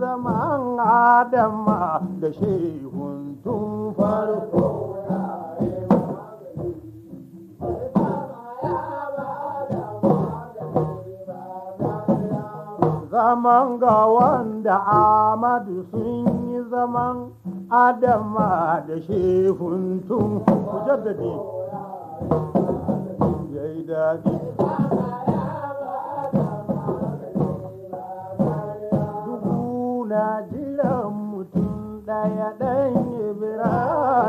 zaman adama da shehun tun farko zaman ga wanda amadu sun yi zaman adama da shehun tun ku jaddade ya yi daɗi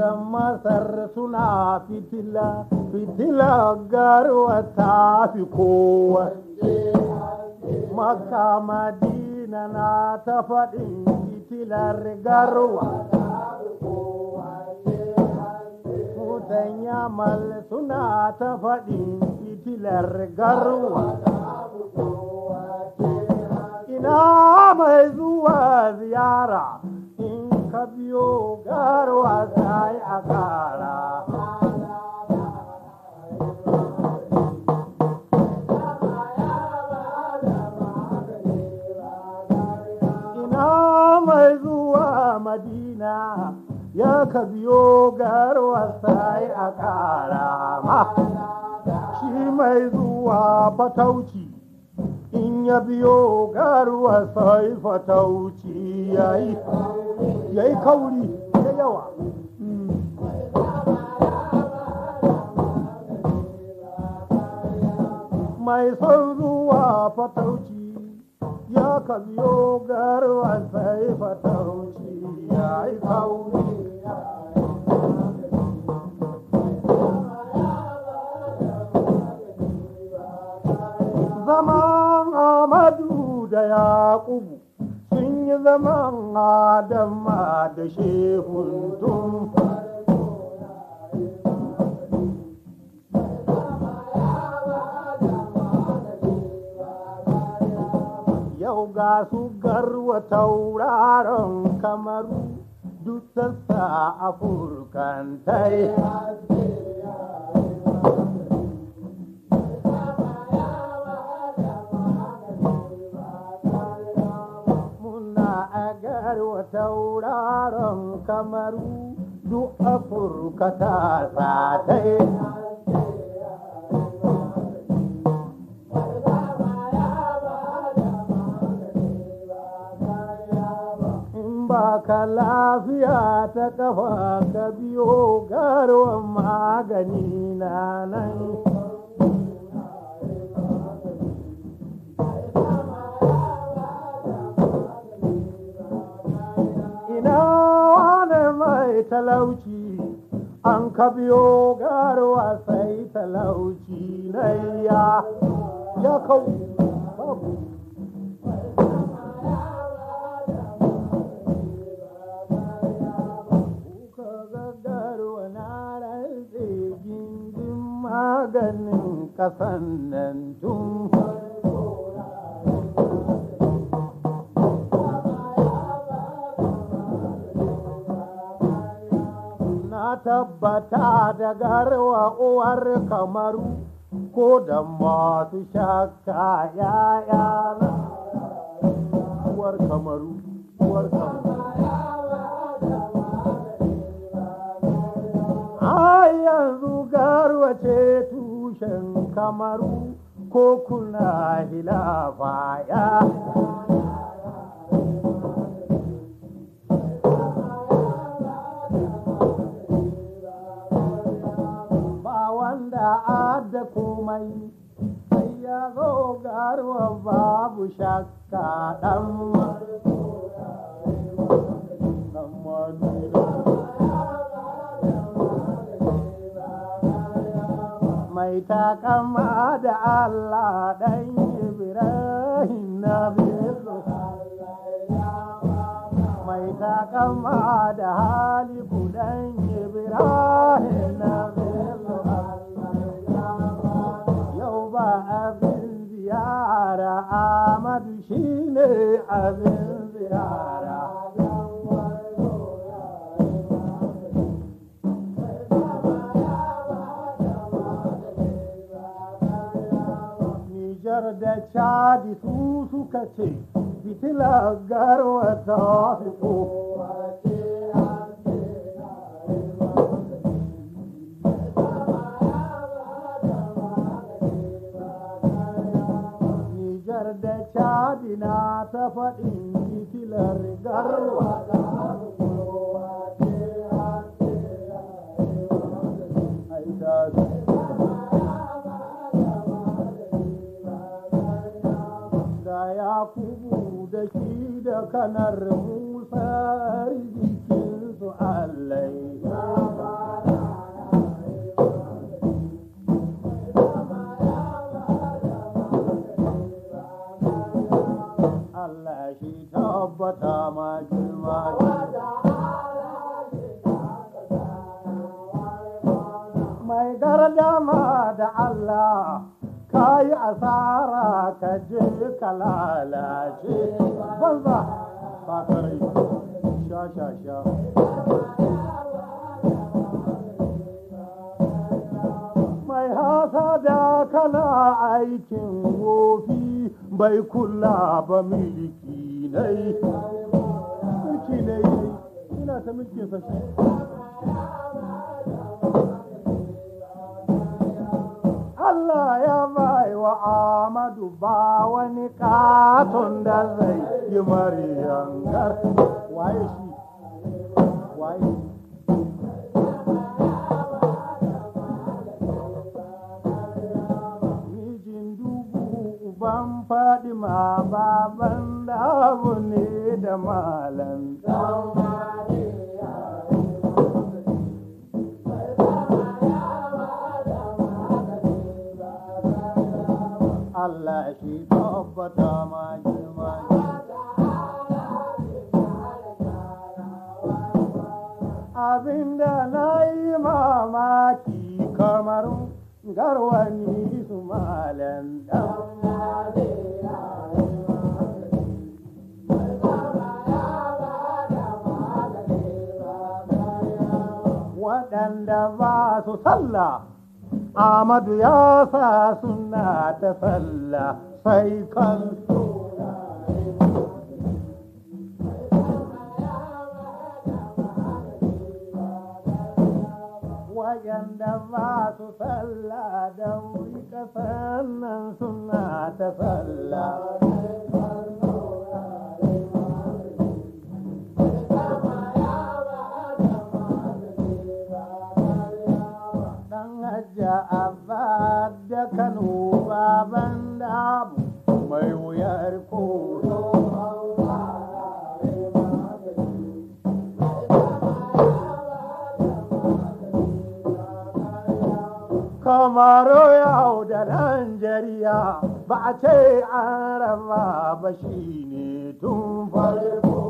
تم سرسنا فتلا فتلا قروة في قوة مكة مدينة ناتفدين فتلا قروة Mutan yamal suna ta faɗin fitilar garwa. Ina mai zuwa ziyara ka biyo garwa sai ina mai zuwa madina ya ka biyo garwa sai ma shi mai zuwa fatauci in ya biyo garuwa sai fatauci yayi ya yi kauri da yawa mai son zuwa fatauci ya kabiyo garwan sai fatauci ya yi kauri zaman amadu da yaƙubu sun yi zaman adama da shehun tun yau ga su garwa tauraron kamaru duk sassa afurkantai tauraron kamaru duk afirka ta ba baka lafiya ta kafa ka biyo garwan magani na nan talauci an ka biyo garuwa sai talauci na ya ya kau maganin kasan nan tun a tabbata da garwa uwar kamaru ko da masu shakka yaya na uwar kamaru uwar kamaru a yanzu garwa ce tushen kamaru ko kuna hilafa yaya ya da komai sai ya zo garuwa babu shakka dan mai takama da Allah dan Ibrahim na mai takama da halibu abin ziyara Nijar da Chadi su suka ce fitilar garwa ta fito. ta faɗin titilar garwa da kowa ce yi da shi da kanar musa jikinsu allai tabbata ma girma mai gardama da Allah ka yi asara ka je ka lalace banza ba kare sha sha sha mai hasada kana aikin wofi bai kula ba miliki ne ina ta Allah ya bai wa Amadu ba wani katon da zai yi mariyan gar waye shi waye mijin dubu uban faɗi ma baba abu ne da malam Allah shi tabbata ma girma abinda na yi mamaki kamar garwani عباس صلى آمد يا ساسنا تسلى سيكل وجند عباس صلى دورك فنن سنة تسلى baban damu mai wuyar koro kamaro yau da Najeriya ba a ce an raba ba shi ne tun farko.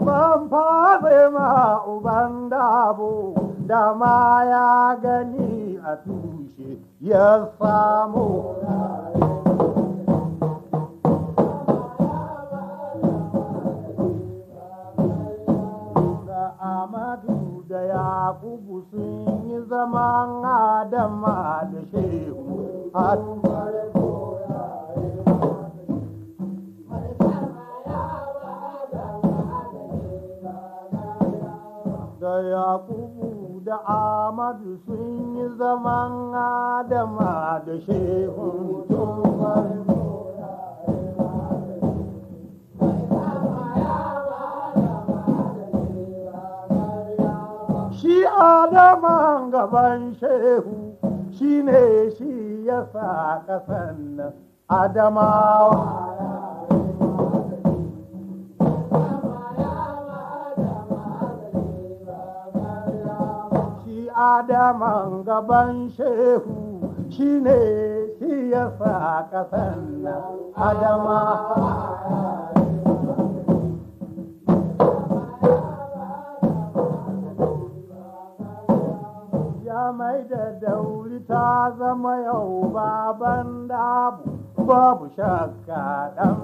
uban ma uban dabo da ma ya gani a tushe ya samu Amadu da Yakubu sun yi zaman Adama da Shehu. yakubu da amadu sun yi zaman adama da shehun tun shi adaman gaban shehu shi ne shi ya sa ƙasan adamawa adaman gaban shehu shine shi ya sa kasan adama ya mai da dauri ta zama yau baban dabu babu shakka dan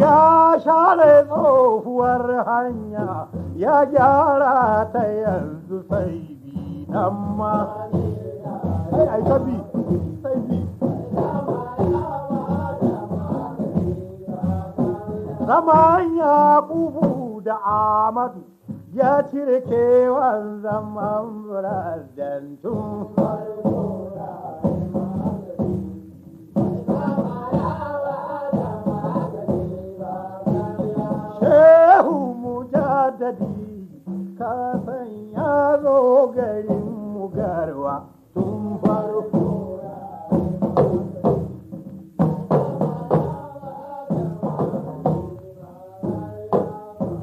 ya share tsohuwar hanya ya gyara ta yanzu sai bi nan ma sai zaman ya kubu da amadu ya cire kewan zaman burazdantun shehu mujadadi kafin ya zo garin garwa tun farko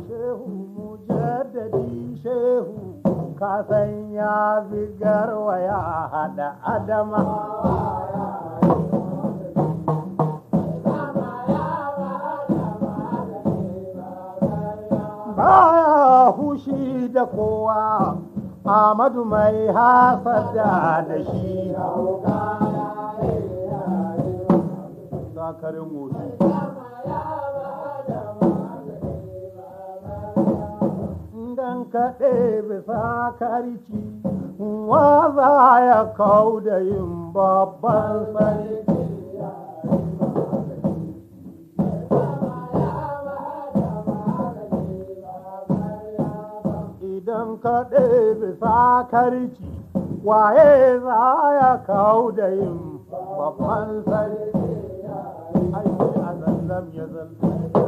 shehu mujadadi shehu kafin ya zo garwa ya hada adama ba hushi da kowa Amadu mai hasada da shi zakarin wofi dan kaɗe bisa karici. wa za ya kau da yin babban sarki Kaɗe bisa karci, waye za ya kawo da yin babban sarki ai a zallam ya zallam